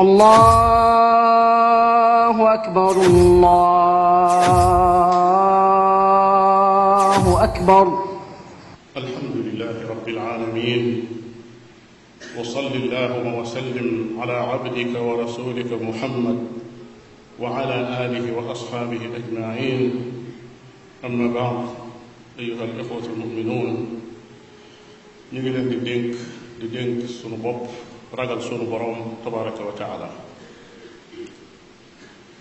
الله أكبر الله أكبر الحمد لله رب العالمين وصل اللهم وسلم على عبدك ورسولك محمد وعلى آله وأصحابه أجمعين أما بعد أيها الإخوة المؤمنون نجلن لدينك لدينك سنبوب ragal sunu borom tabaraka wa taala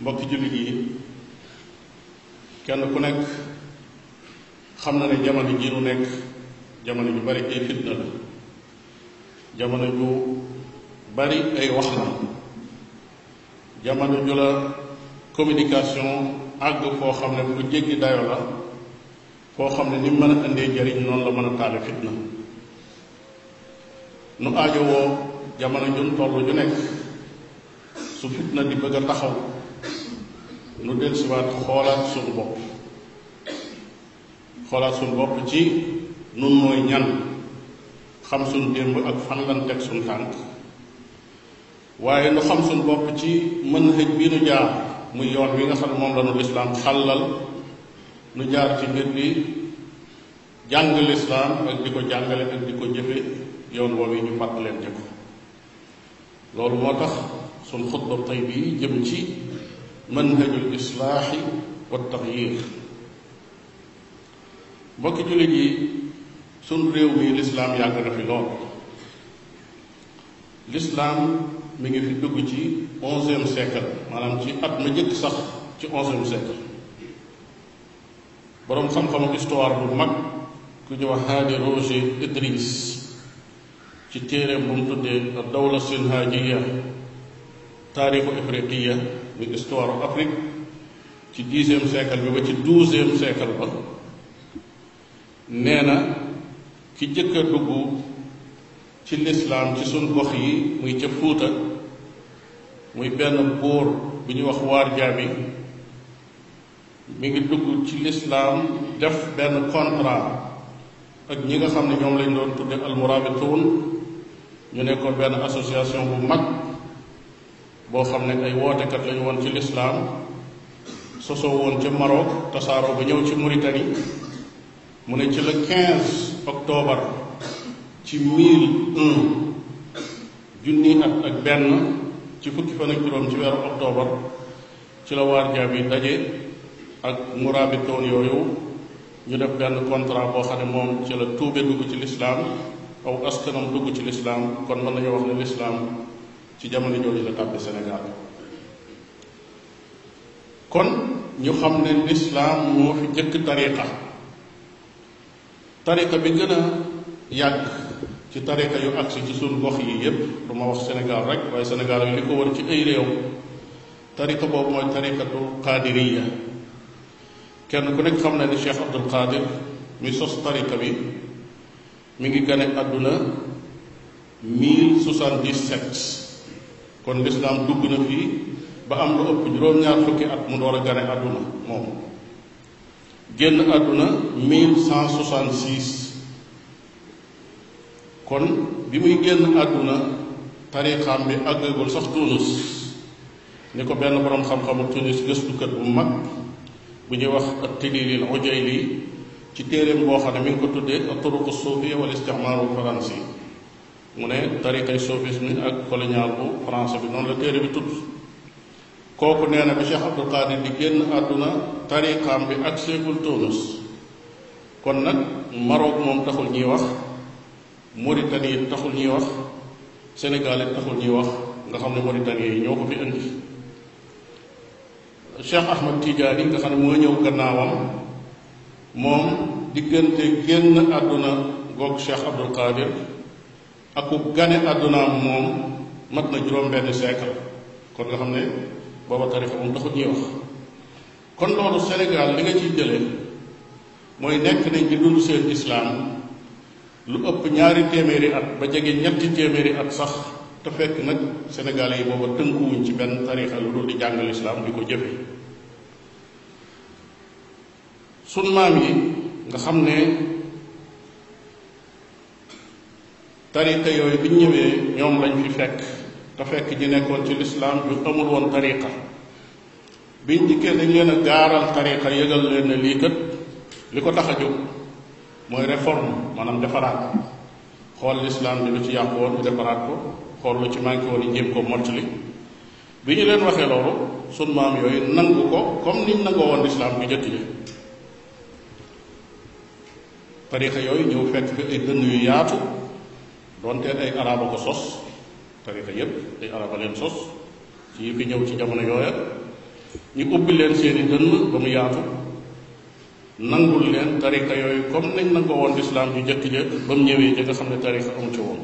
mbokk jullit yi kenn ku nekk xam na ne jamono ji nu nekk jamono ju bari ay fitna la jamono ju bari ay wax la jamono ju la communication àgg foo xam ne bu jéggi dayo la foo xam ne ni mën a indee jariñ noonu la mën a taale fitna nu aajowoo jamono ñun toll ju nekk su fitna di bëgg a taxaw nu del siwaat xoolaat suñu bopp xoolaat suñu bopp ci nun mooy ñan xam suñu démb ak fan lan teg suñu tànk waaye nu xam suñu bopp ci mën xëj bii nu jaar muy yoon wi nga xam ne moom la nu nu jaar ci mbir bi jàng ak di ko jàngale ak di ko jëfe yoon ñu fàttaleen ko لول موتاخ سون خطبه طيبي جيمتي منهج الاصلاح والتغيير بوك جولي جي سون ريو مي الاسلام ياغ رافي لول الاسلام ميغي في دوجي 11 سيكل مانام سي ات ما جيك صاح سي 11 سيكل بروم سام فامو استوار بو ماك كوني هادي روجي ادريس ci téeree bu mu tuddee dawla sinhaajiya taarixu ifriqiya muy histoire Afrique ci dixième siècle bi ba ci douzième siècle ba nee na ki jëkk dugg ci lislaam ci suñ gox yi muy ca Fuuta muy benn buur bi ñu wax waar jaabi mu ngi dugg ci lislaam def benn contrat ak ñi nga xam ne ñoom lañ doon tudde almurabituun ñu nekkoon benn association bu mag boo xam ne ay wootekat lañu woon ci lislaam sosoo woon ca Maroc tasaaroo ba ñëw ci Mauritanie mu ne ci le 15 octobre ci 1001 junni at ak benn ci fukki fan ak juróom ci weeru octobre ci la waar jaabi daje ak muraabitoon yooyu ñu def benn contrat boo xam ne moom ci la tuube dugg ci lislaam aw askanam dugg ci lislaam kon mën nañu wax ne lislaam ci jamono jooju la tàbbi Sénégal kon ñu xam ne lislaam moo fi jëkk tariqa tariqa bi gën a yàgg ci tariqa yu agsi ci suñu gox yi yépp du ma wax Sénégal rek waaye Sénégal yi li ko war ci ay réew tariqa boobu mooy tariqatu qaadiriya kenn ku nekk xam na ni Cheikh Abdul Qadir mi sos tariqa bi mi ngi gane àdduna 1077 kon lislaam dugg na fii ba am lu ëpp juróom-ñaar fukki at mu door a gane aduna moom génn aduna 1166 kon bi muy génn àdduna tariixaam bi àggagul sax Tunis ni ko benn borom xam-xamu Tunis gëstukat bu mag bu ñuy wax at tililil ojayli ci téeréem boo xam ne mi ngi ko tuddee turuqu suufiya wal istixmaaru faransi mu ne tariqay soufisme ak colonial bu français bi noonu la téere bi tudd kooku nee na bi cheikh abdul di génn àdduna tariqaam bi ak seegul tunus kon nag maroc moom taxul ñuy wax mauritanie it taxul ñuy wax sénégal it taxul ñuy wax nga xam ne yi ñoo ko fi indi cheikh ahmad tidiane nga xam ne moo ñëw gannaawam moom diggante génn àdduna goog cheikh abdul qadir aku gane àddunaam mom mat na juróom benn siècle kon nga xam ne booba tarixa moom taxut wax kon loolu sénégal li nga ciy jële mooy nekk nañ ci dund seen islaam lu ëpp ñaari téeméeri at ba jege ñetti at sax te fekk nag sénégalais yi booba ci benn lu dul di jàngal Islam di ko jëfe sun maam yi nga xam ne tariqa yooyu bi ñëwee ñoom lañ fi fekk te fekk ñi nekkoon ci lislaam yu amul woon tariqa bi dikkee dañ leen a gaaral tariqa yëgal leen lii kat li ko tax a jóg mooy réforme maanaam defaraat xool lislaam bi lu ci yàqu woon ñu defaraat ko xool lu ci manqué woon ñu jéem ko mottali bi ñu leen waxee loolu sun maam yooyu nangu ko comme niñ nangoo woon lislaam bi jëkk tarixa yooyu ñëw fekk fi dënn yu yaatu donte ay araba ko sos tarixa yépp ay araba leen sos ci yi ñëw ci jamono yooya ñu ubbi leen seeni dënn ba mu yaatu nangul leen tarixa yooyu comme nañ nangoo woon lislaam yu njëkk ja ba mu ñëwee ja xam ne tarixa amu ci woon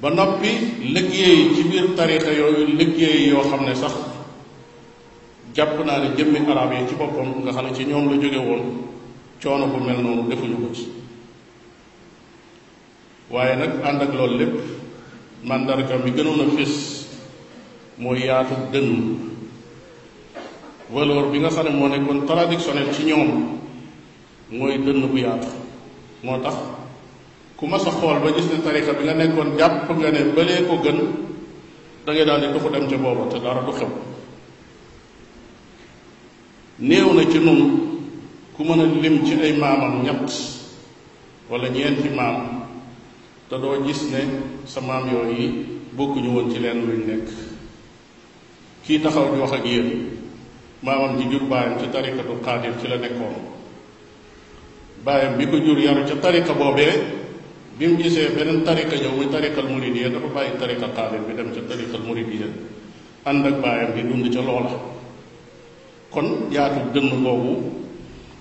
ba noppi liggéey ci biir tarixa yooyu liggéey yoo xam ne sax jàpp naa ne jëmmi arab yi ci boppam nga xam ne ci ñoom la jóge woon coono bu mel noonu defuñu ko ci waaye nag ànd ak loolu lépp mandarga mi gënoon a fés mooy yaatu dënn valeur bi nga xam ne moo nekkoon traditionnel ci ñoom mooy dënn bu yaatu moo tax ku mas a xool ba gis ne bi nga nekkoon jàpp nga ne balee ko gën da ngay daal di dem ca booba te dara du xew néew na ci ku mën a lim ci ay maamam ñett wala ñeenti maam te doo gis ne sa maam yooyu bokkuñu woon ci leen luñ nekk kii taxaw di wax ak yéen maamam ji jur baayam ci tarikatu xaadir ci la nekkoon baayam bi ko jur yaru ca tarika boobee bi mu gisee beneen tarika ñëw muy tarikal muridiya dafa bàyyi tarika xaadir bi dem ca tarikal muridiya ànd ak baayam bi dund ca loola kon yaatu dënn boobu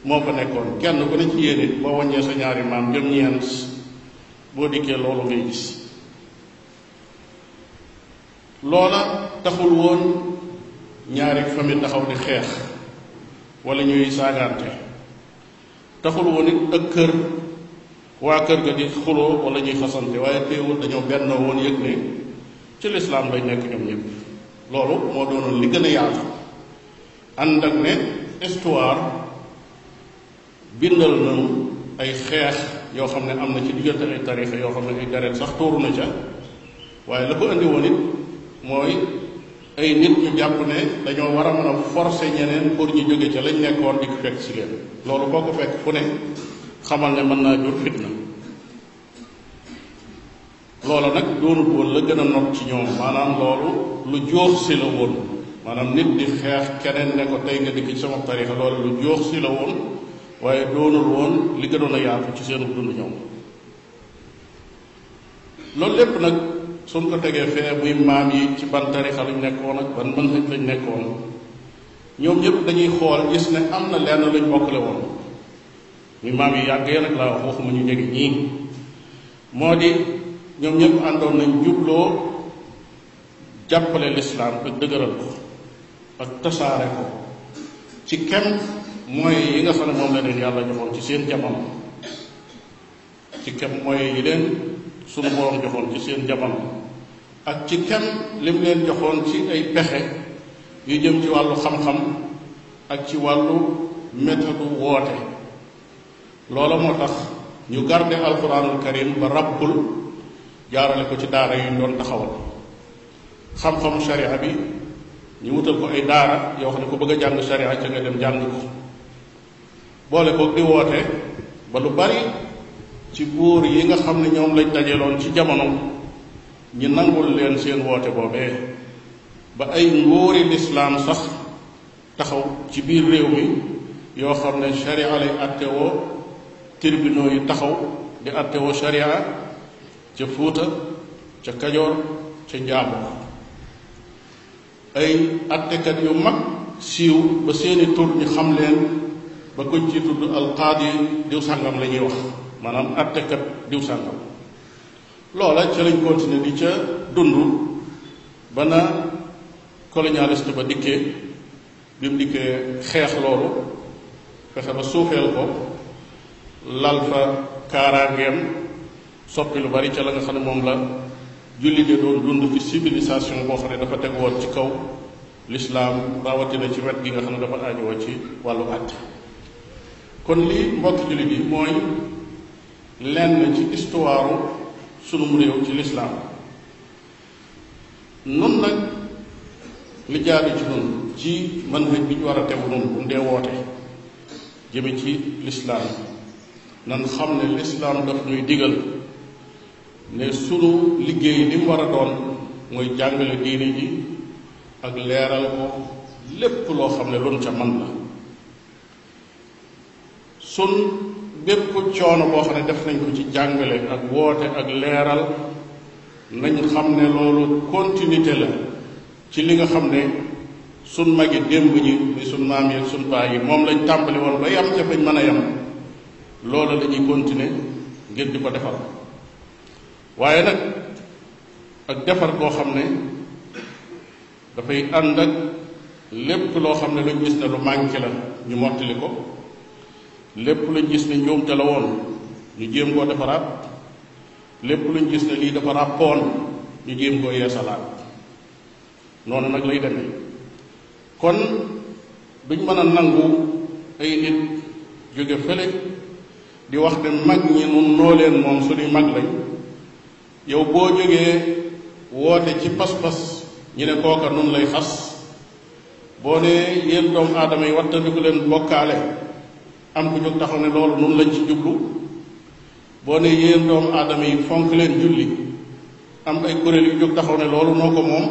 moo fa nekkoon kenn ku ne ci yéen it boo wàññee sa ñaari maam jëm ñeent boo dikkee loolu ngay gis loola taxul woon ñaari famille taxaw di xeex wala ñuy saagaante taxul woon it ak kër waa kër ga di xuloo wala ñuy xasante waaye teewul dañoo benn woon yëg ne ci lislaam lañ nekk ñoom ñëpp loolu moo doonoon li gën a yaatu ànd ak ne histoire bindal nañu ay xeex yoo xam ne am na ci diggante ay tarixa yoo xam ne ay deret sax tuuru na ca waaye la ko andi woon it mooy ay nit ñu jàpp ne dañoo war a mën a forcer ñeneen pour ñu jóge ca lañ nekkoon di fekk si leen loolu koo ko fekk ku ne xamal ne mën naa jur fitna loola nag doonut woon la gën a not ci ñoom maanaam loolu lu joox si la woon maanaam nit di xeex keneen ne ko tey nga dikk ci sama tarixa loolu lu joox si la woon waaye doonul woon li gënoon a yaatu ci seenu dund ñoom loolu lépp nag suñ ko tegee fee muy maam yi ci ban tarixa lañ nekkoon ak ban mën lañ nekkoon ñoom ñëpp dañuy xool gis ne am na lenn luñ bokkale woon muy maam yi yàggee nag laa wax waxuma ñu jege ñii moo di ñoom ñëpp àndoon nañ jubloo jàppale lislaam ak dëgëral ko ak tasaare ko ci kem moyens yi nga xam ne moom la leen yàlla joxoon ci seen jamono ci kem moyens yi leen sunu borom joxoon ci seen jamono ak ci kem lim leen joxoon ci ay pexe yu jëm ci wàllu xam-xam ak ci wàllu méthode woote loola moo tax ñu garde alquranul karim ba rabbul jaarale ko ci daara yu ñu doon taxawal xam-xamu sharia bi ñu wutal ko ay daara yoo xam ne ko bëgg a jàng sharia ca nga dem jàng ko boole koog di woote ba lu bari ci buur yi nga xam ne ñoom lañ dajeloon ci jamono ñi nangul leen seen woote boobee ba ay nguuri lislaam sax taxaw ci biir réew mi yoo xam ne sharia lay attewoo tribunaux yu taxaw di attewoo sharia ca Fuuta ca Kajoor ca Njaago ay attekat yu mag siiw ba seeni tur ñu xam leen ba koñ ci tudd alqaadi diw sàngam la ñuy wax maanaam attekat diw sàngam loola ca lañ continuer di ca dundu bana na colonialiste ba dikkee bi mu dikkee xeex loolu fexe ba suufeel ko lal fa kaaraangeem soppi lu bari ca la nga xam ne moom la julli de doon dund fi civilisation boo xam dafa ci kaw ci wet gi nga dafa ci kon li mbokk jullit yi mooy lenn ci histoire sunum réew ci lislaam nun nag li jaadu ci nun ci manhaj bi ñu war a tegu nun bu ndee woote jëme ci lislaam nan xam ne lislaam daf ñuy digal ne sunu liggéey li war a doon mooy jàngale diine ji ak leeral ko lépp loo xam ne lu nu ca man la sun bépp coono boo xam ne def nañ ko ci jàngale ak woote ak leeral nañ xam ne loolu continuité la ci li nga xam ne sun magi démb ñi ni sun maam yi sun paa moom lañ tàmbali woon ba yam ca fañ mën a yam loola la ñuy continuer ngir di ko defar waaye nag ak defar koo xam ne dafay ànd ak lépp loo xam ne luñ gis ne lu manqué la ñu mottali ko lépp luñ gis ne njuumte la woon ñu jéem koo defaraat lépp luñ gis ne lii dafa ràppoon ñu jéem koo yeesalaat noonu nag lay demee kon duñ mën a nangu ay nit jóge fële di wax ne mag ñi nun noo leen moom suñuy mag lañ yow boo jógee woote ci pas-pas ñu ne kooka nun lay xas boo ne yéen doomu aadama yi wattandiku leen bokkaale am ku jóg taxaw ne loolu noonu lañ ci jublu boo ne yéen doomu aadama yi fonk leen julli am ay kuréel yu jóg taxaw ne loolu noo ko moom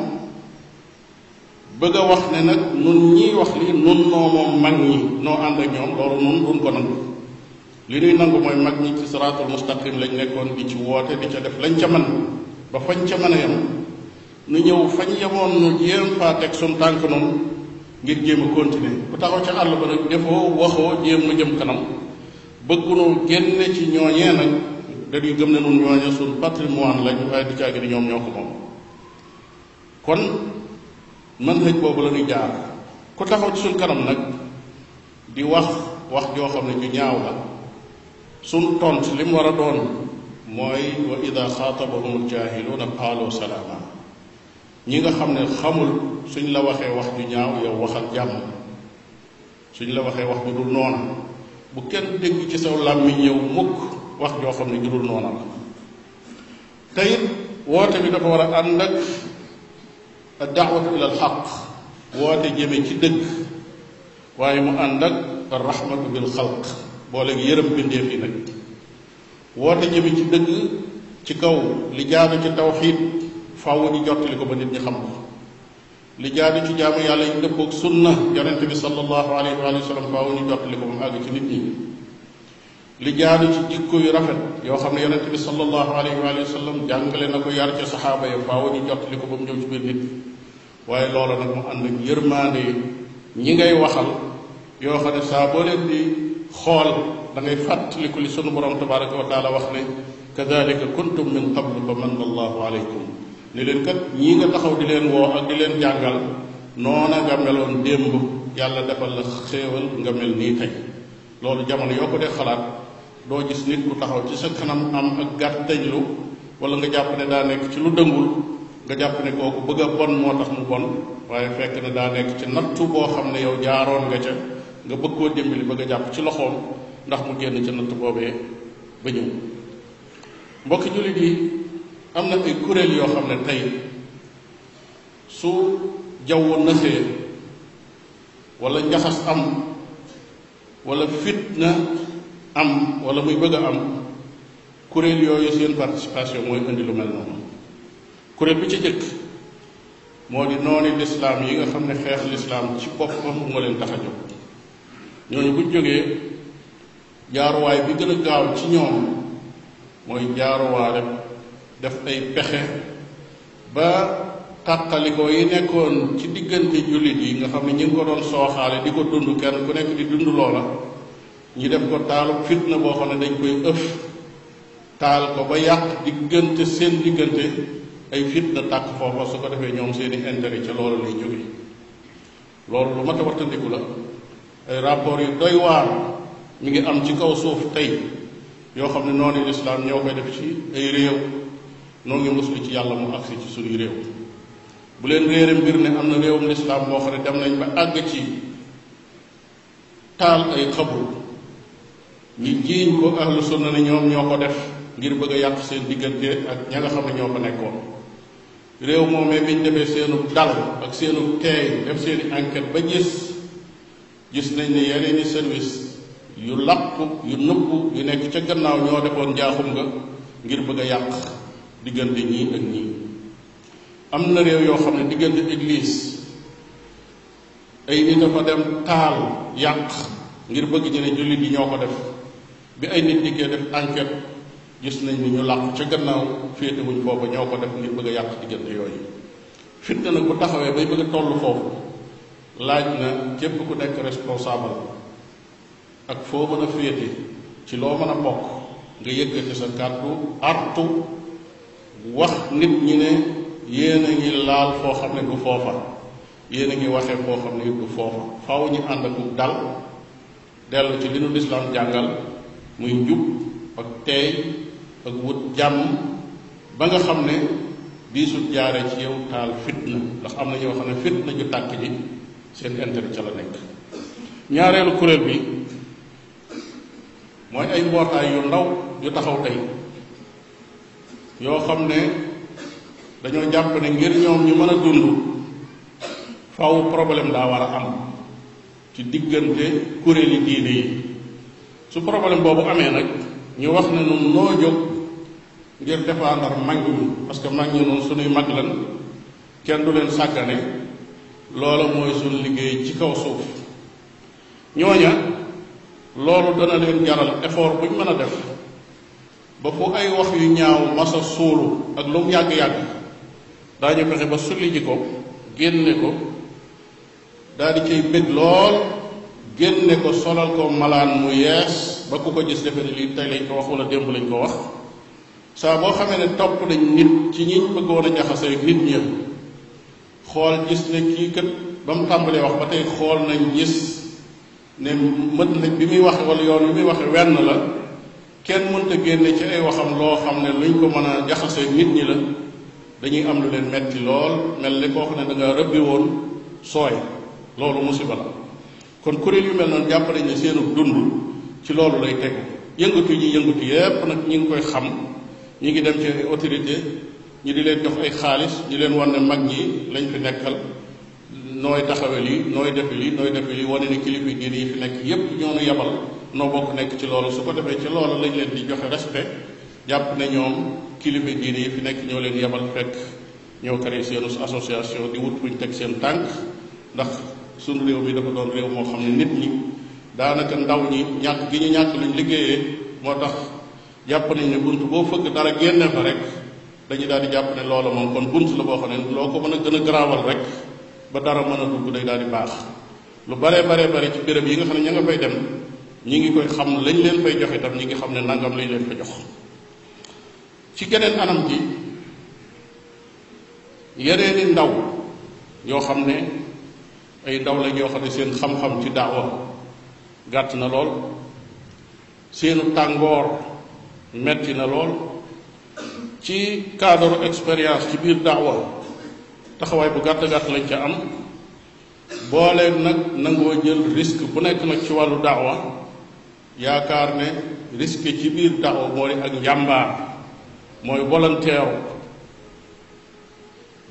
bëgg a wax ne nag nun ñiy wax li nun noo moom mag ñi noo ànd ak ñoom loolu nun duñ ko nangu li ñuy nangu mooy mag ñi ci siraatul mustaqim lañ nekkoon di ci woote di ca def lañ ca man ba fañ ca mën a yem nu ñëw fañ yemoon nu jéem faa teg suñ tànk noonu ngir jéem a continuer ku taxaw ca àll ba nag defoo waxoo jéem nga jëm kanam bëggunoo génne ci ñooñee nag dañuy gëm ne nun ñooñee suñ patrimoine lañ waaye du caagi ñoom ñoo ko moom kon mën xëj boobu la ñuy jaar ku taxaw ci suñ kanam nag di wax wax joo xam ne ñu ñaaw la suñ tont li mu war a doon mooy wa ida xaatabahum aljaahiluuna qaalu salaama ñi nga xam ne xamul suñ la waxee wax ju ñaaw yow waxal jàmm suñ la waxee wax ju dul noona bu kenn dégg ci saw làmmiñ yow mukk wax joo xam ne ju dul noona la te woote bi dafa war a ànd ak ad-da'watu ila al-haqq woote jëme ci dëgg waaye mu ànd ak ar-rahmatu bil xalq boole gi yërëm bindeef yi nag woote jëme ci dëgg ci kaw li jaadu ci tawxiid faaw ñu jottali ko ba nit ñi xam ko li jaadu ci jaamu yàlla yi dëppoog sunna yonent bi sallallahu alayhi wa sallam faaw ñu jottali ko ba mu àgg ci nit ñi li jaadu ci jikko yu rafet yoo xam ne yonent bi sallallahu alayhi wa sallam jàngale na ko yar ca saxaaba ya faaw ñu jottali ko ba mu ñëw ci biir nit waaye loola nag mu ànd ak yërmaande ñi ngay waxal yoo xam ne saa boo leen di xool da ngay fàttaliku li sunu borom tabaraka wa taala wax ne kadalika kuntum min qablu fa manna allahu alaykum ne leen kat ñii nga taxaw di leen woo ak di leen jàngal noona nga meloon démb yàlla defal la xéewal nga mel nii tey loolu jamono yoo ko dee xalaat doo gis nit ku taxaw ci sa kanam am ak lu wala nga jàpp ne daa nekk ci lu dëngul nga jàpp ne kooku bëgg a bon moo tax mu bon waaye fekk ne daa nekk ci nattu boo xam ne yow jaaroon nga ca nga bëgg koo dimbali bëgg a jàpp ci loxoom ndax mu génn ci natt boobee ba ñëw am na ay kuréel yoo xam ne tey su na nësee wala njaxas am wala fitna am wala muy bëgg am kuréel yooyu seen participation mooy indi lu mel noonu kuréel bi ci jëkk moo di nooni lislaam yi nga xam ne xeex lislaam ci boppam moo leen tax a jóg ñooñu buñ jógee jaaruwaay bi gën a gaaw ci ñoom mooy jaaruwaale def ay pexe ba tàqalikoo yi nekkoon ci diggante jullit yi nga xam ne ñi ngi ko doon sooxaale di ko dund kenn ku nekk di dund loola ñi def ko taal fitna boo xam ne dañ koy ëf taal ko ba yàq diggante seen diggante ay fitna tàkk foofa su ko defee ñoom seeni intérêt ca loolu lay jóge loolu lu mat a wattandiku la ay rapport yu doy waar mi ngi am ci kaw suuf tey yoo xam ne noonu lislaam ñoo koy def ci ay réew noonu ñu muslu ci yàlla mu agsi ci suñuy réew bu leen réere mbir ne am na réewum lislaam boo xam ne dem nañ ba àgg ci taal ay xabru ñi jiiñ ko ahlu sunna ne ñoom ñoo ko def ngir bëgg a yàq seen diggante ak ña nga xam ne ñoo ko nekkoon réew moomee biñ demee seenu dal ak seenu teey def seeni enquête ba gis gis nañ ne yeneeni service yu làpp yu nëpp yu nekk ca gannaaw ñoo defoon njaaxum nga ngir bëgg a yàq diggante ñii ak ñii am na réew yoo xam ne diggante église ay nit a dem taal yàq ngir bëgg ñu ne jullit yi ñoo ko def bi ay nit dikkee def enquête gis nañ ni ñu làqu ca gannaaw féete wuñ foofa ñoo ko def ngir bëgg a yàq diggante yooyu fitna nag bu taxawee bay bëgg a toll foofu laaj na képp ku nekk responsable ak foo mën a féete ci loo mën a bokk nga yëkkati sa kàddu artu wax nit ñi ne yéen a ngi laal foo xam ne du foofa yéen a ngi waxee foo xam ne du foofa faaw ñu ànd ak dal dellu ci li nu lislaam jàngal muy njub ak teey ak wut jàmm ba nga xam ne biisu jaare ci yow taal fitna ndax am na ñoo xam ne fitna ju tàkk ji seen intérêt ca la nekk ñaareelu kuréel bi mooy ay mbootaay yu ndaw yu taxaw tey yoo xam ne dañoo jàpp ne ngir ñoom ñu mën a dund faw problème daa war a am ci diggante kuréeli diine yi su problème boobu amee nag ñu wax ne nun noo jóg ngir défendre mag ñi parce que mag ñi noonu sunuy mag lan kenn du leen sàggane loola mooy suñ liggéey ci kaw suuf ñooña loolu dana leen jaral effort buñ mën a def ba fu ay wax yu ñaaw masa suulu ak lu mu yàgg-yàgg daañu fexe ba sulli ji ko génne ko daal di cay bég lool génne ko solal ko malaan mu yees ba ku ko gis defe ne lii tey lañ ko wax wala démb lañ ko wax saa boo xamee ne topp nañ nit ci ñi bëggoon a jaxase nit ñi xool gis ne kii kat ba mu tàmbalee wax ba tey xool nañ gis ne mët nañ bi muy waxe wala yoon bi muy waxe wenn la kenn mënta génne ci ay waxam loo xam ne luñ ko mën a jaxasee nit ñi la dañuy am lu leen metti lool mel ni koo xam ne da nga rëbbi woon sooy loolu musiba la kon kuréel yu mel noonu jàpp nañ ne seenu ci loolu lay tegu yëngatu yi ñuy yëngatu yépp nag ñu ngi koy xam ñu ngi dem ci ay autorité ñu di leen jox ay xaalis di leen wan ne mag ñi lañ fi nekkal nooy taxawe lii nooy defi lii nooy defi lii wane ne kilifa diine yi fi nekk yépp ñoo nu yabal no bokk nekk ci loolu su ko defee ci loolu lañ leen di joxe respect jàpp ne ñoom kilifa diine yi fi nekk ñoo leen yebal fekk ñoo créé seen association di wut fuñ teg seen tànk ndax sunu réew mi dafa doon réew moo xam ne nit ñi daanaka ndaw ñi ñàkk gi ñu ñàkk luñ liggéeyee moo tax jàpp nañ ne bunt boo fëgg dara génne fa rek dañu daal di jàpp ne loola moom kon bunt la boo xam ne loo ko mën a gën a garaawal rek ba dara mën a dugg day daal di baax lu bare bare bare ci béréb yi nga xam ne ña nga fay dem ñi ngi koy xam lañ leen koy jox itam ñi ngi xam ne nangam lañ leen ko jox ci geneen anam ji yeneeni ndaw yoo xam ne ay ndaw lañ yoo xam ne seen xam-xam ci daawa gàtt na lool seenu tàngoor metti na lool ci cadre expérience ci biir daawa taxawaay bu gàtt gàtt lañ ca am booleeg nag nangoo jël risque bu nekk nag ci wàllu daawa yaakaar ne risque ci biir taxaw mooy ak njàmbaar mooy volontaire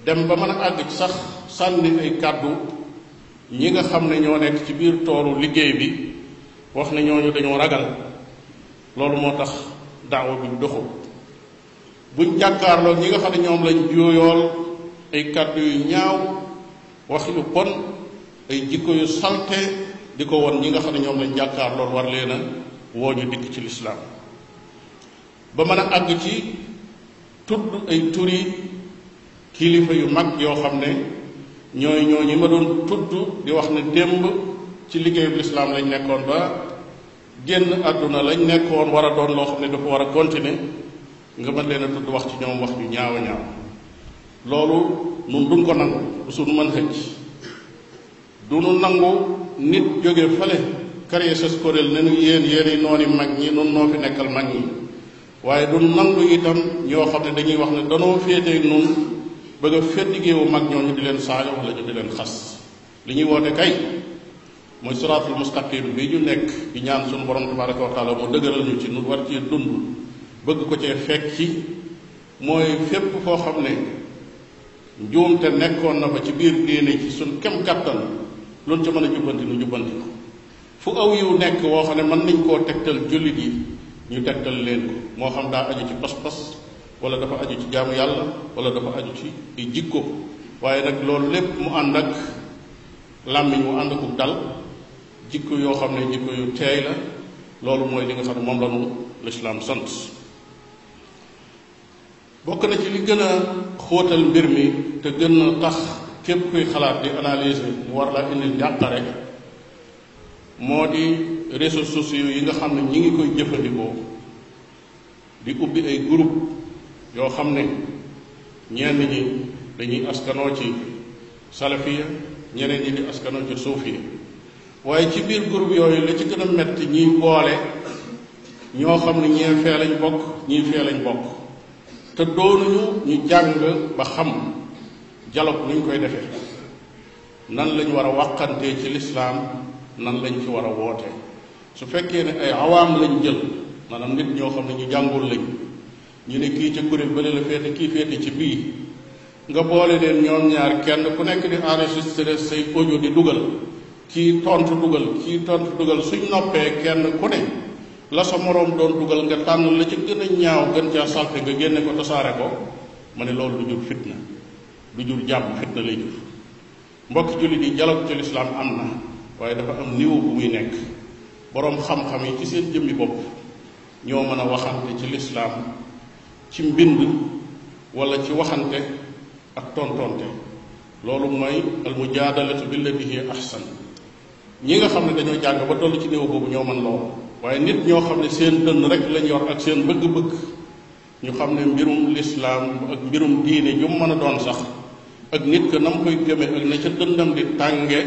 dem ba mën a àgg sax sànni ay kàddu ñi nga xam ne ñoo nekk ci biir toolu liggéey bi wax ne ñooñu dañoo ragal loolu moo tax daawa bi doxul buñ jàkkaarloo ñi nga xam ne ñoom lañ jooyool ay kàddu yu ñaaw wax yu bon ay jikko yu salte di ko won ñi nga xam ne ñoom lañ jàkkaar lool war leen a woo ñu dikk ci lislaam ba mën a àgg ci tudd ay turi kilifa yu mag yoo xam ne ñooy ñooñu ma doon tudd di wax ne démb ci liggéeyu lislaam lañ nekkoon ba génn àdduna lañ nekkoon war a doon loo xam ne dafa war a continuer nga mën leen a tudd wax ci ñoom wax yu ñaaw ñaaw loolu nun duñ ko nangu du mën xëcc du nu nangu nit jóge fële créé sas kuréel ne nu yéen yéen i nooni mag ñi nun noo fi nekkal mag ñi waaye du nangu itam ñoo xam ne dañuy wax ne danoo féete nun bëgg a féttigéewu mag ñooñu di leen saaga wala ñu di leen xas li ñuy woote kay mooy siraatul mustaqim bi ñu nekk di ñaan suñu borom tabaraka wa taala mu dëgëral ñu ci nu war ci dund bëgg ko cee fekk ci mooy fépp foo xam ne njuumte nekkoon na fa ci biir diine ci suñ kem kattan loolu ca mën a nu jubbanti ko fu aw yu nekk woo xam ne mën nañ koo tegtal jullit yi ñu leen ko xam aju ci pas-pas wala dafa aju ci jaamu yàlla wala dafa aju ci ay jikko waaye nag loolu mu ànd ak làmmiñ mu ànd akuk dal jikko yoo xam ne jikko yu teey la loolu mooy li nga xam ne moom la sant bokk na ci li gën a mbir mi te gën tax képp kuy xalaat di analyser mu war laa indil njàqare moo di réseaux sociaux yi nga xam ne ñi ngi koy jëfandikoo di ubbi ay groupe yoo xam ne ñeen ñi dañuy askanoo ci salafiya ñeneen ñi di askanoo ci yi waaye ci biir groupe yooyu la ci gën a metti ñiy boole ñoo xam ne ñee fee lañ bokk ñii fee lañ bokk te doonuñu ñu jàng ba xam Jalop nuñ koy defee nan lañ wakan a Islam, ci lislaam nan lañ ci war a woote su fekkee ne ay awaam lañ jël maanaam nit ñoo xam ne ñu jàngul lañ ñu ne kii ca kuréel bële la féete ci nga boole leen ñoom ñaar kenn ku nekk di enregistré say audio di dugal kii tontu dugal kii tontu dugal suñ noppee kenn ku ne la sa morom doon dugal nga tànn la ci gën a ñaaw gën caa salte nga génne ko tasaare ko ma ne loolu du jur fitna du jur jàmm xet na lay jur mbokki jullit yi dialogue ci lislaam am na waaye dafa am niveau bu muy nekk boroom xam-xam yi ci seen jëmmi bopp ñoo mën a waxante ci lislaam ci mbind wala ci waxante ak tontonte loolu mooy al mujaadalatu billati hiya ahsan ñi nga xam ne dañoo jàng ba toll ci niveau boobu ñoo mën lool waaye nit ñoo xam ne seen dënn rek lañ yor ak seen bëgg-bëgg ñu xam ne mbirum lislaam ak mbirum diine ju mën a doon sax ak nit ka nam koy gëme ak na ca dëndam di tànge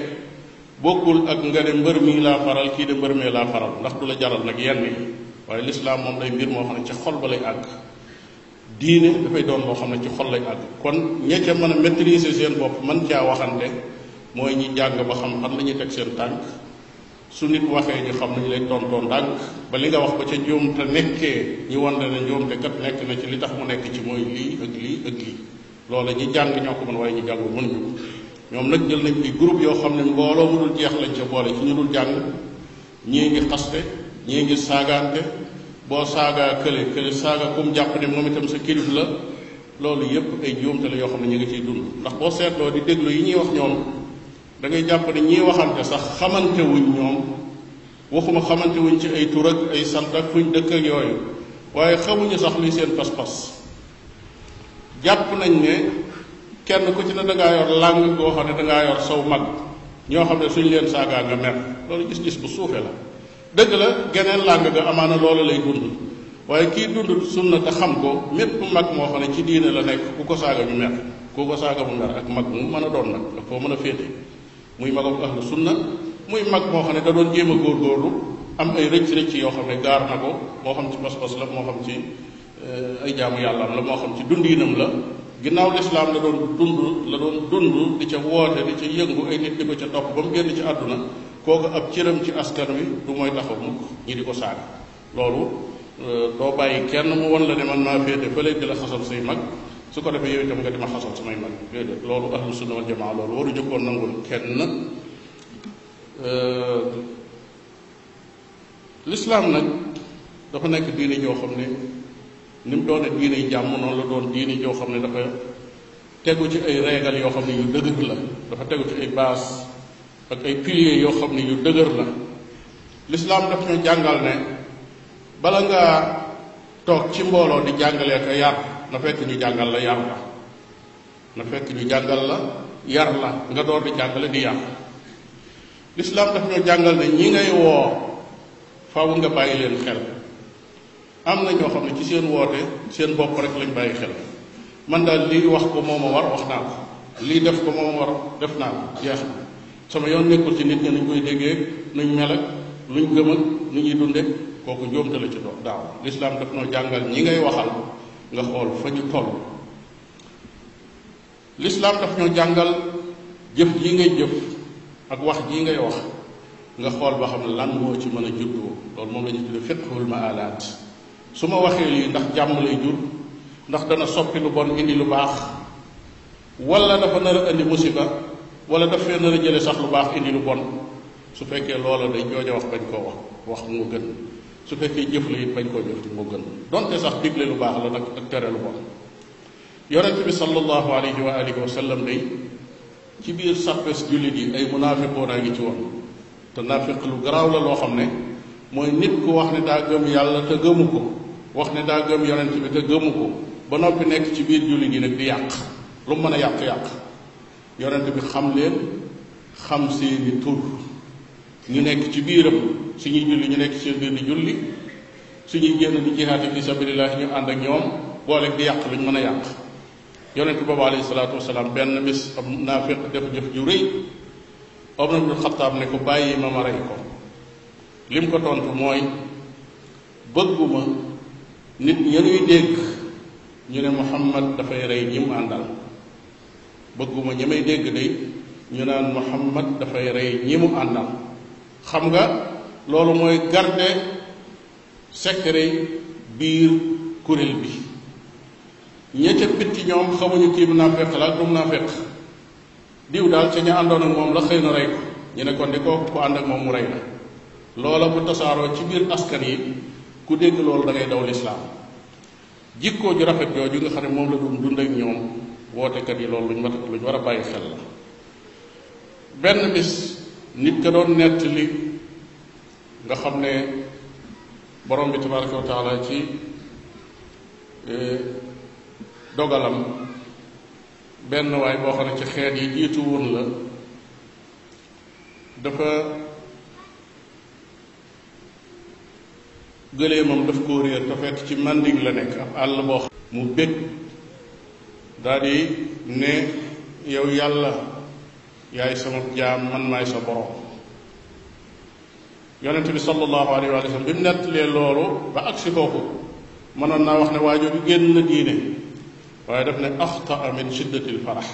bokkul ak nga ne mbër mii laa faral kii de mbër mee laa faral ndax du la jaral nag yenn yi waaye lislaam moom lay mbir moo xam ne ci xol ba lay àgg diine dafay doon loo xam ne ci xol lay àgg kon ña ca mën a maîtriser seen bopp man caa waxante mooy ñi jàng ba xam xam la ñuy teg seen tànk su nit waxee ñu xam nañu lay tontoo ndànk ba li nga wax ba ca njuumte nekkee ñu wan ne njuumte kat nekk na ci li tax mu nekk ci mooy lii ak lii ak loola ñi jàng ñoo ko mën waaye ñi jàngul mënuñu ko ñoom nag jël nañ ay groupe yoo xam ne mbooloo mu dul jeex lañ ca boole ci ñu dul jàng ñii ngi xaste ñii ngi saagaante boo saagaa kële kële saaga kum jàpp ne moom itam sa kilif la loolu yépp ay juumte la yoo xam ne ñu ngi ciy dund ndax boo seetloo di déglu yi ñuy wax ñoom da ngay jàpp ne ñii waxante sax xamantewuñ wuñ ñoom waxuma xamante ci ay tur ak ay sant ak fuñ dëkk ak yooyu waaye xamuñu sax luy seen pas jàpp nañ ne kenn ku ci ne dangaa yor làng goo xam ne dangaa yor saw mag ñoo xam ne suñ leen saagaa nga mer loolu gis-gis bu suufee la dëgg la geneen làng ga amaana loolu lay dund waaye kii dund sunna te xam ko mépp mag moo xam ne ci diine la nekk ku ko saaga ñu mer ku ko saaga mu mer ak mag mu mën a doon nag ak foo mën a féete muy magam ahlu sunna muy mag moo xam ne da doon jéem a góorgóorlu am ay rëcc rëcc yoo xam ne gaar na ko moo xam ci pas la moo xam ci Euh, ay jaamu yàllaam la moo xam ci dundinam la ginnaaw lislaam la doon dund la doon dund di ca woote di ca yëngu ay nit di ko ca topp ba mu génn ci àdduna kooku ab cëram ci askan wi du mooy taxaw mukk ñi di ko saaga loolu euh, doo bàyyi kenn mu won la ne man maa féete fële di la xasal say mag su ko defee yow itam nga dima xasal samay mag déedéet loolu ahlu sunna wal jamaa loolu waru jëkkoon nangul kenn euh, lislaam nag ne ni mu doone diine jàmm noonu la doon diine joo xam ne dafa tegu ci ay régal yoo xam ne yu dëgër la dafa tegu ci ay base ak ay piliers yoo xam ne yu dëgër la lislaam daf ñu jàngal ne bala ngaa toog ci mbooloo di jàngalee ko yar na fekk jàngal la yar la na fekk ñu jàngal la yar la nga door di jàngale di yar lislaam daf ñu jàngal ne ñi ngay woo faaw nga bàyyi leen xel am na ñoo xam ne ci seen woote seen bopp rek lañu bàyyi xel man daal lii wax ko moo ma war wax naa ko lii def ko moo ma war def naa ko jeex na sama yoon nekkul ci nit ñi nuñ koy déggee nuñ mel ak luñ gëm ak kooku njuumte la ci do daaw lislaam daf noo jàngal ñi ngay waxal nga xool fa ñu toll lislaam daf ñoo jàngal jëf yi ngay jëf ak wax jii ngay wax nga xool ba xam lan moo ci mën a juddoo loolu moom la ñu tudde fiqhul maalaat su ma waxee lii ndax jàmm lay jur ndax dana soppi lu bon indi lu baax wala dafa nar a indi musiba wala daf fee nar a jële sax lu baax indi lu bon su fekkee loola day jooja wax bañ koo wax wax moo gën su fekkee jëf la bañ koo jëf moo gën donte sax digle lu baax la nag ak tere lu bon yonent bi sallallahu alayhi wa alihi wa sallam ci biir sàppes jullit yi ay munaafiqoon a ngi ci woon te naafiq lu garaaw la loo xam ne mooy nit ku wax ne daa yàlla gëmu ko wax ne daa gëm yonent bi te gëmu ko ba noppi nekk ci biir julli gi nag di yàq lu mu mën a yàq-yàq yonent bi xam leen xam seeni tur ñu nekk ci biiram suñuy julli ñu nekk ci seen biir di julli suñuy génn di jihaati fi ñu ànd ak ñoom boole di yàq lu mën a yàq yonent boobu alayhi salaatu salaam benn bis am naafiq def jëf ju rëy Omar ibn ne ko bàyyi ma ma rey ko lim ko tontu mooy bëgguma nit ña ñuy dégg ñu ne muhammad dafay rey ñi mu àndal bëgguma ñi may dégg day ñu naan muhammad dafay rey ñi mu àndal xam nga loolu mooy garde secret biir kuréel bi ña ca ñoom xamuñu kii munaafiq la ak du munaafiq diw daal ca ña àndoon ak moom la xëy na rey ko ñu ne kon di kooku ku ànd ak moom mu rey la loola bu tasaaroo ci biir askan yi ku dégg loolu dangay ngay daw lislaam jikkoo ju rafet jooju nga xam ne moom la doon dund ak ñoom wootekat yi loolu luñ mat luñ war a bàyyi xel la benn bis nit ka doon nett nga xam ne borom bi tabaraka wa taala ci e, dogalam benn waay boo xam ne ci xeet yi jiitu woon la dafa gëleemam daf koo réer te ci manding la nekk ab àll boo xam mu bég daal di ne yow yàlla yaay sama jaam man maay sa borom yonente bi sallallahu alayhi wa sallam bi mu nettalee génn na diine waaye daf ne axtaa min shiddatil farax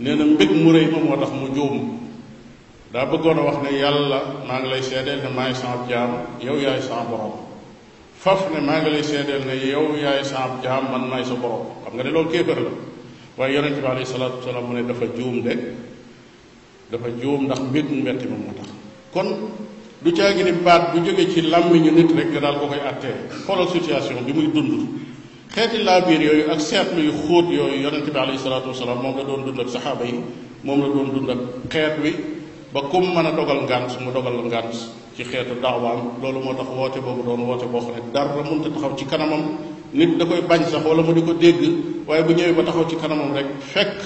nee na mbég mu rëy ma moo tax mu juum daa bëggoon wax ne yàlla maa ngi lay seedeel ne maay sama jaam yow yaay sama borom faf maa ngi lay seedeel ne yow yaay sama jaam man maay sa borom xam nga ne loolu kéefër la waaye yonente bi alayhi salaatu wasalaam mu dafa juum de dafa juum ndax mbir mu metti ma moo tax kon du caagi ni baat bu jóge ci làmmiñu nit rek nga daal ko koy attee xoolal situation bi muy dund xeeti laabiir yooyu ak seetlu yu yooyu yonente bi alayhi salaatu wasalaam moom doon dund ak saxaaba yi moom la doon dund ak xeet wi ba kum mën a dogal ngànt mu dogal ngànt ci xeetu daawaam loolu moo tax woote boobu doon woote boo xam ne dara mënta taxaw ci kanamam nit da koy bañ sax wala mu di ko dégg waaye bu ñëwee ba taxaw ci kanamam rek fekk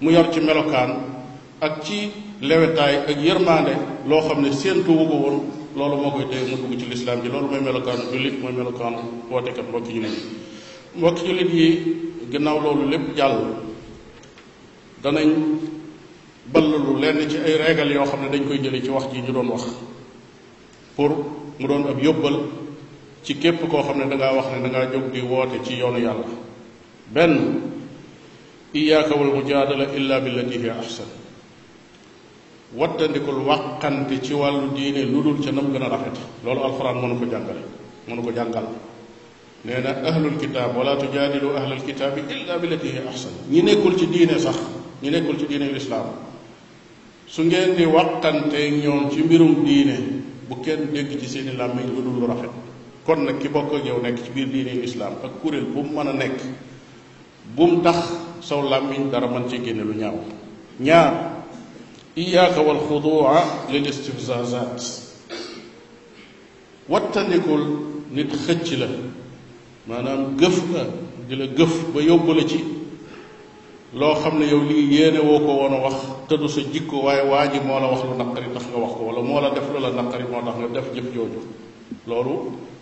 mu yor ci melokaan ak ci lewetaay ak yërmaande loo xam ne séentu wu ko woon loolu moo koy tey mu dugg ci lislaam ji loolu mooy melokaanu jullit mooy melokaanu wootekat mbokki ñu ne mbokki jullit yi gannaaw loolu lépp jàll danañ ballalu lenn ci ay régal yoo xam ne dañ koy jële ci wax ji ñu doon wax pour mu doon ab yóbbal ci képp koo xam ne dangaa wax ne dangaa jóg di woote ci yoonu yàlla benn iyaaka wal mujaadala illa billati hi ahsan wattandikul wàqante ci wàllu diine lu dul ca nam gën a rafet loolu alquran mënu ko jàngale mënu ko jàngal nee na ahlul kitab wala tujaadilu ahlal illa billati hi ahsan ñi nekkul ci diine sax ñi nekkul ci diine su ngeen di waxtante ñoom ci mbirum diine bu kenn dégg ci seeni làmmiñ lu dul rafet kon nag ki bokk ak yow nekk ci biir diine islaam ak kuréel bu mu mën a nekk bu mu tax saw làmmiñ dara mën ci génne lu ñaaw ñaar iyaaka wal xudua lil istifzazat wattandikul nit xëcc la maanaam gëf la di la gëf ba yóbbu la ci loo xam ne yow lii yéene woo ko woon wax te du sa jikko waaye waa ji moo la wax lu naqari tax nga wax ko wala moo la def lu la naqari moo tax nga def jëf jooju loolu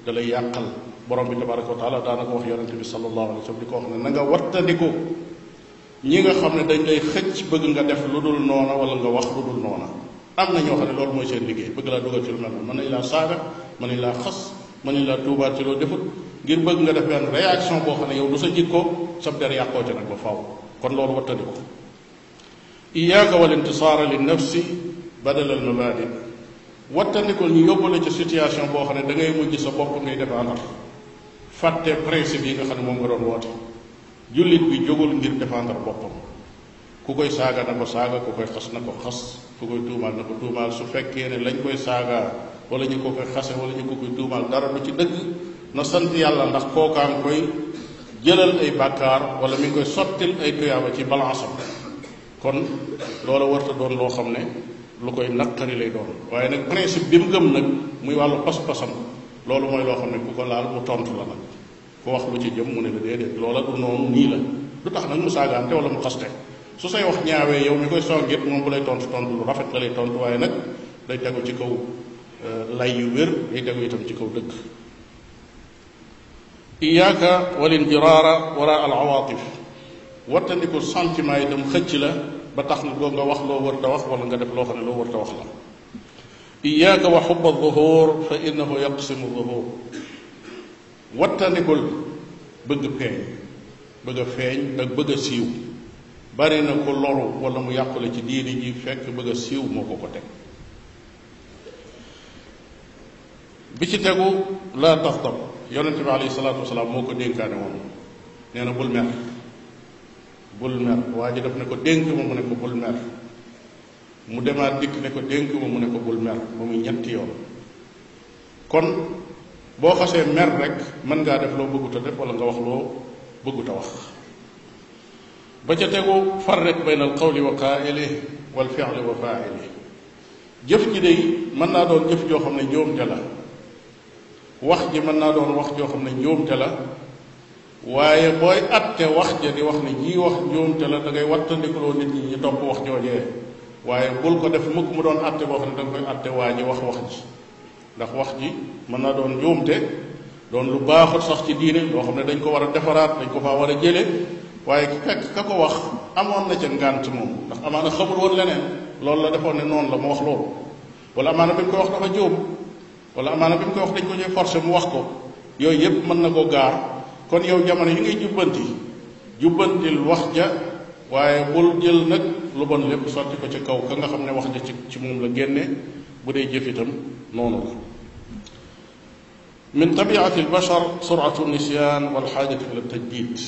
da lay yàqal borom bi tabaraka wa taala daana ko wax yonente bi sallallahu alayhi wa sallam di ko wax ne na nga ñi nga xam ne dañ lay xëcc nga def lu dul noona wala nga wax lu dul noona am na ñoo xam ne loolu mooy seen liggéey bëgg laa dugal ci lu mel mën nañ laa saaga mën nañ laa xas mën nañ laa tuubaat ci loo defut ngir bëgg nga def benn réaction boo xam ne yow du sa jikko sab der yàqoo ci nag ba faaw kon loolu wattani ko iyaaka wal intisaara li nafsi badalal mabaadi wattandikul ñu yóbbu la ci situation boo xam ne da ngay mujj sa bopp ngay défendre fàtte principe yi nga xam ne moom nga doon woote jullit bi jógul ngir défendre boppam ku koy saaga na ko saaga ku koy xas na ko xas ku koy tuumaal na ko tuumaal su fekkee ne lañ koy saaga wala ñu ko koy xase wala ñu ko koy tuumaal dara du ci dëgg na sant yàlla ndax kookaam koy jëlal ay bàkkaar wala mi ngi koy sottil ay tuyaaba ci balance kon loola warta doon loo xam ne lu koy naqari lay doon waaye nag principe bi mu gëm nag muy wàllu pas-pasam loolu mooy loo xam ne ku ko laal mu tontu la nag ku wax lu ci jëm mu ne la déedéet loola du noonu nii la du tax nag mu saagaante wala mu xaste su say wax ñaawee yow mi koy songit moom bu lay tontu tontu lu rafet la lay tontu waaye nag day tegu ci kaw euh, lay yu wér day tegu ci kaw dëgg إياك والاندرار وراء العواطف واتنكو سانتي ما يدم خجلة بتخل جونغا وخلو ورد وخ ولا نقدر بلوخ نلو ورد وخلا إياك وحب الظهور فإنه يقسم الظهور واتنكو بدو فين بدو فين بدو سيو bari na ko loru wala mu yàqule ci diini ji fekk bëgg a siiw moo ko ko teg bi ci tegu la taxtab yonente bi alayhi salaatu wasalaam moo ko dénkaane woon nee na bul mer bul mer waa ji def ne ko dénk ma mu ne ko bul mer mu demaat dikk ko dénk mu ne bul mer ba muy ñetti yoon kon boo xasee mer rek mën ngaa def loo bëggut a def wala nga wax loo bëggut wax ba ca tegu farriq bayna al qawli wa qaa'ili wal fi'li wa faa'ili jëf ji day mën naa doon jëf joo xam ne njuumte la wax ji mën naa doon wax joo xam ne njuumte la waaye booy atte wax ja di wax ne ñii wax njuumte la dangay ngay wattandikuloo nit ñi ñu topp wax joojee waaye bul ko def mukk mu doon atte boo xam ne da nga koy waa ji wax wax ji wax ji mën naa doon njuumte doon lu baaxut sax ci diine loo xam ne dañ ko war a defaraat dañ ko faa war a jële waaye ki fekk ka ko wax amoon na ca ngànt moom ndax amaana xamul woon leneen loolu la defoon ne noonu la ma wax loolu wala amaana bi mu ko wax dafa juum wala amaana bi mu ko wax dañ ko cee forcé mu wax ko yooyu yépp mën na ko gaar kon yow jamono yi ngay jubbanti jubbantil wax ja waaye bul jël nag lu bon lépp sotti ko ci kaw ka nga xam wax ja ci ci moom la génne bu dee jëf itam min tabiati al-bashar suratu nisyan walxaajati ila tajdid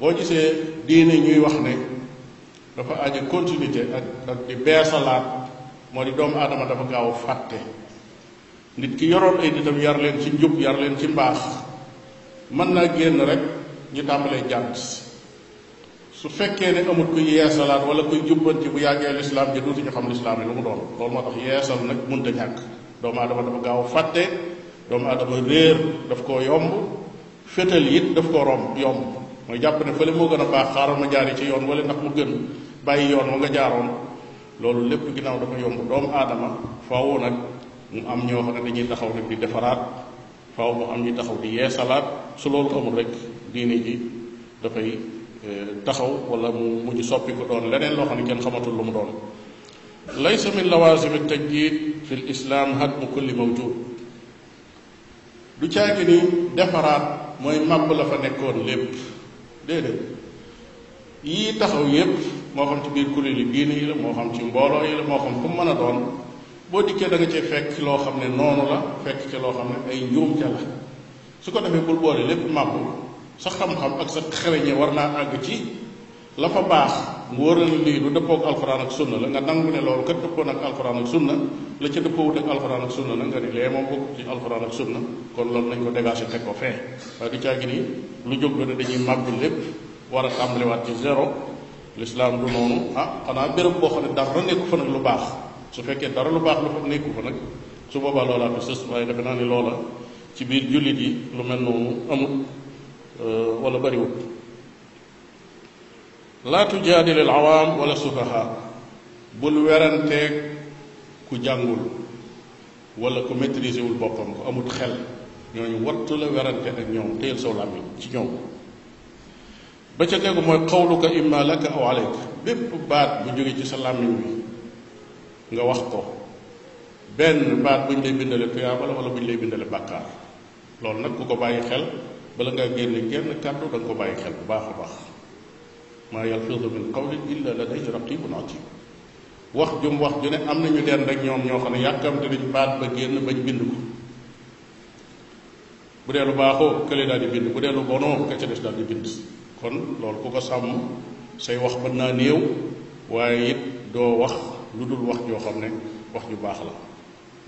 boo gisee diine ñuy wax ne dafa aja continuité ak ak di beesalaat moo di doomu dafa gaaw fàtte nit ki yoroon ay nitam yar leen ci njub yar leen ci mbaax mën naa génn rek ñu tàmbalee jànt su fekkee ne amut kuy yeesalaat wala kuy jubbanti bu yàggee lislaam ji dootuñu xam lislaam li lu mu doon loolu moo tax yeesal nag munta ñàkk doomu aadama dafa gaaw fàtte doomu aadama réer daf koo yomb fétal it daf koo romb yomb mooy jàpp ne fële moo gën baax xaaral ma jaari ci yoon wala mu gën yoon nga jaaroon loolu dafa yomb faawu mu am ñoo xam ne dañuy taxaw nag di defaraat faw mu am ñu taxaw di yeesalaat su loolu amul rek diine ji dafay eh, taxaw wala mu mujj soppi ko doon leneen loo xam ne kenn xamatul lu mu doon laysa min lawasimi tajdid fi l islam hatmu kulli ni defaraat mooy màbb la fa nekkoon lépp taxaw yépp moo xam ci biir kuréel yi diine yi la moo xam ci mbooloo yi la moo xam fu mu mën a doon boo dikkee da nga cee fekk loo xam ne noonu la fekk ca loo xam ne ay njuum ca la su ko defee bul boole lépp màbb sa xam-xam ak sa xereñe warna naa àgg ci la fa baax mu wóor na lii lu dëppoog alquran ak sunna la nga nangu ne loolu kat dëppoon ak alquran ak sunna la ca dëppoowut ak alquran ak sunna la nga ne lee moom bokk ci alquran ak sunna kon loolu nañ ko dégagé teg ko fee waaye du caa gi nii lu jóg la dañuy màbb lépp war a tàmbaliwaat ci zéro l'islam du noonu ah xanaa béréb boo xam dara nekk fa nag lu baax su fekkee dara lu baax lu ko nekku fa nag su boobaa loolaa ko sës waaye defe naa ni loola ci biir jullit yi lu mel noonu amul euh, wala bariwul laa tujaadil al awaam wala sufaha bul weranteeg ku jàngul wala ku maîtriser wul boppam ku amul xel ñooñu wattu la werante ak ñoom téyel saw làmmiñ ci ñoom ba ca tegu mooy xawluka imma laka aw aleyka bépp baat bu jóge ci sa làmmiñ bi nga wax ko benn baat bu ñu lay bindale tuyaaba la wala bu ñu lay bindale bàkkaar loolu nag ku ko bàyyi xel bala nga génne genn kàddu da ko bàyyi xel bu baax a baax maa yalfidu min qawlin illa ladayhi raqibun atid wax jum wax ju ne am nañu den rek ñoom ñoo xam ne yàkkamte nañ baat ba génn bañ bind ko bu dee lu baaxoo kële daal di bind bu dee lu bonoo ka daal di bind kon loolu ku ko sàmm say wax mën naa néew waaye it doo لدول وقت يوخمنا وقت يباخلا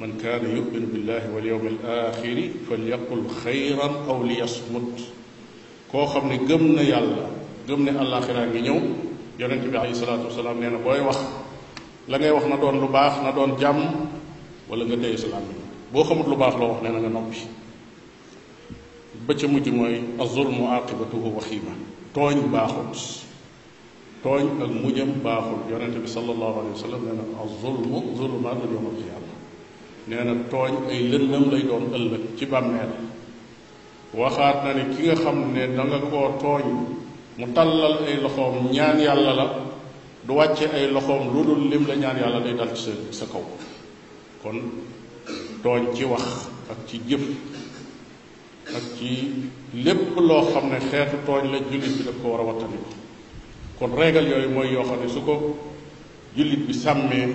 من كان يؤمن بالله واليوم الآخر فليقل خيرا أو ليصمت كو خمني قمنا يالا قمنا الآخرة نيو يرنك بي عليه الصلاة والسلام نينا بوي وخ لغي وخ ندون لباخ ندون جام ولا أي سلام بو خمت لباخ لو وخ نينا نبي بچه مجموعي الظلم عاقبته وخيمة توين باخوتس tooñ ak mujjam baaxul yonente bi sallallahu wa sallam nee na az-zulmu zulumaatun yawmal qiyaama nee na tooñ ay lëndam lay doon ëllëg ci bàmmeel waxaat na ne ki nga xam ne danga koo tooñ mu tàllal ay loxoom ñaan yàlla la du wàcce ay loxoom lu dul lim la ñaan yàlla day dal ci sa sa kaw kon tooñ ci wax ak ci jëf ak ci lépp loo xam ne xeetu tooñ la jullit bi daf ko war a wattandiku kon régal yooyu mooy yoo xam ne su ko jullit bi sàmmee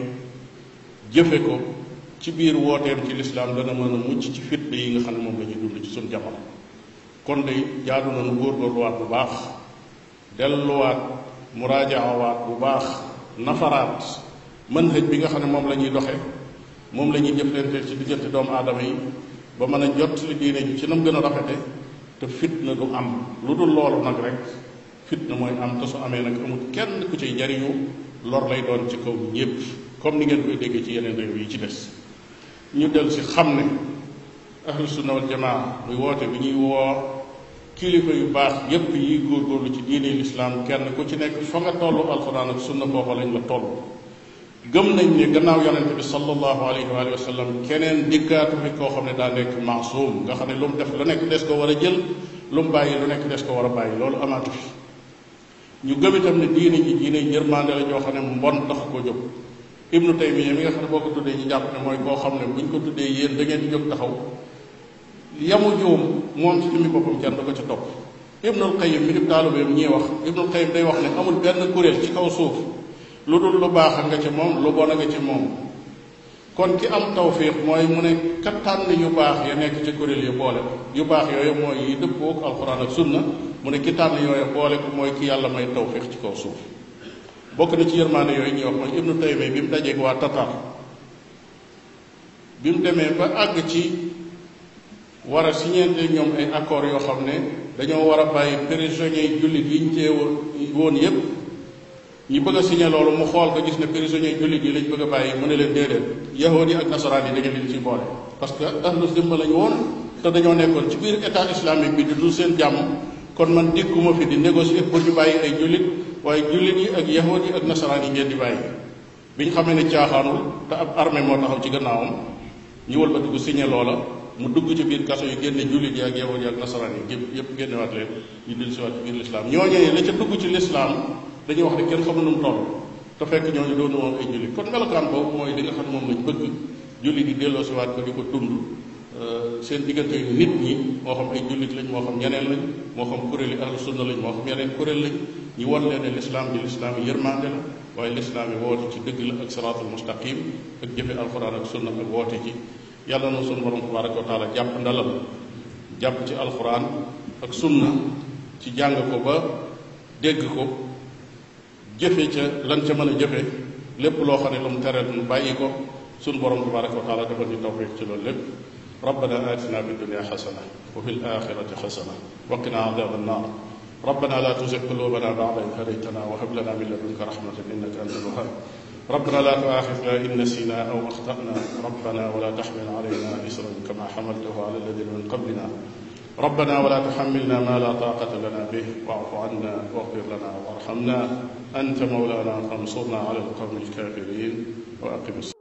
jëfe ko ci biir wooteem ci lislaam dana mën a mucc ci fitna yi nga xam ne moom la ñuy dund ci suñu jamono kon day jaadu nañu góorgóorluwaat bu baax delluwaat muraajaawaat bu baax nafaraat mën bi nga xam ne moom la ñuy doxee moom la ñuy jëflante ci diggante doomu aadama yi ba mën a jot li diine ci nam gën a rafete te fitna du am lu dul loolu nag rek fitna mooy am te su amee nag amul kenn ku ciy jariñu lor lay doon ci kaw ñépp comme ni ngeen koy déggee ci yeneen réew yi ci des ñu dellu si xam ne ahlu sunna wal jamaa muy woote bi ñuy woo kilifa yu baax yépp yi góorgóorlu ci diine lislaam kenn ku ci nekk fa nga tollu alxuraan ak sunna foofa lañ la toll gëm nañ ne gannaaw yonente bi sallallahu alayhi wa sallam keneen dikkaatu fi koo xam ne daa nekk maasum nga xam ne lu mu def lu nekk des ko war a jël lu mu bàyyi lu nekk des ko war a loolu amaatu ñu gëm itam ne diine ji diine yërmande la joo xam ne mbon tax koo jóg ibnu taymiya mi nga xam ne boo ko tuddee ñu jàpp ne mooy koo xam ne ñu ko tuddee yéen da ngeen di jóg taxaw yamu juum moom ci jëmmi boppam kenn du ko ci topp ibnul qayim mi dib taalibeem ñii wax ibnul qayim day wax ne amul benn kuréel ci kaw suuf lu dul lu baax nga ci moom lu bon nga ci moom kon ki am tawfiq mooy mu ne ka tànn yu baax ya nekk ci kuréel yu boole yu baax yooyu mooy yi dëppoo alxuraan ak sunna mu ne ki tànn yooyu boole ko mooy ki yàlla may tawfiq ci kaw suuf bokk na ci yërmaande yooyu ñuy wax mooy ibnu taymiya bi mu dajeeg waa tatar bi mu demee ba àgg ci war a signé ñoom ay accord yoo xam ne dañoo war a bàyyi prisonniers jullit yi ñu woon yépp ñi bëgg a signé loolu mu xool ko gis ne prisonnier jullit yi lañ bëgg bàyyi mu ne leen déedéet yahudi ak nasaraan yi da ngeen leen ci boole parce que ahlu zimma lañu woon te dañoo nekkoon ci biir état islamique bi di dul seen jàmm kon man dikkuma fi di négocier pour ñu bàyyi ay jullit waaye jullit yi ak yahudi yi ak nasaraan yi ngeen di bàyyi bi ñu xamee ne caaxaanul te ab armée moo taxaw ci gannaawam ñu wëlbatiku signé loola mu dugg ci biir kaso yu génne jullit yi ak yahud yi ak nasaraan yi yëpp yëpp génnewaat leen ñu dil siwaat ci biir lislaam ñooñee la ca dugg ci lislaam dañuy wax ne kenn xamul nu mu toll te fekk ñooñu doonu woon ay jullit kon melokaan boobu mooy li nga xam ne moom lañ bëgg jullit yi delloo siwaat ko di ko dund euh, seen diggante nit ñi moo xam ay jullit lañ moo xam ñeneen lañ moo xam kuréel yi ahlu sunna lañ moo xam yeneen kuréel lañ ñu wan leen ne lislaam lislaam yi la waaye lislaam yi woote ci dëgg la ak mustaqim ak jëfe alquran ak sunna ak woote ci yàlla na sunu borom tabaraka wa taala jàpp ndalal jàpp ci alxuraan ak sunna ci jàng ko ba dégg ko jëfe ca lan ca mën a jëfe lépp loo xam ne lu mu tereel mu bàyyi ko sunu borom tabaraka wa taala dafa ñu tawfiq ci loolu lépp ربنا آتنا في الدنيا حسنة وفي الآخرة حسنة وقنا عذاب النار ربنا لا تزغ قلوبنا بعد إذ هديتنا وهب لنا من لدنك رحمة إنك أنت الوهاب ربنا لا تؤاخذنا إن نسينا أو أخطأنا ربنا ولا تحمل علينا إسرا كما حملته على الذين من قبلنا ربنا ولا تحملنا ما لا طاقة لنا به واعف عنا واغفر لنا وارحمنا أنت مولانا فانصرنا على القوم الكافرين وأقم الصلاة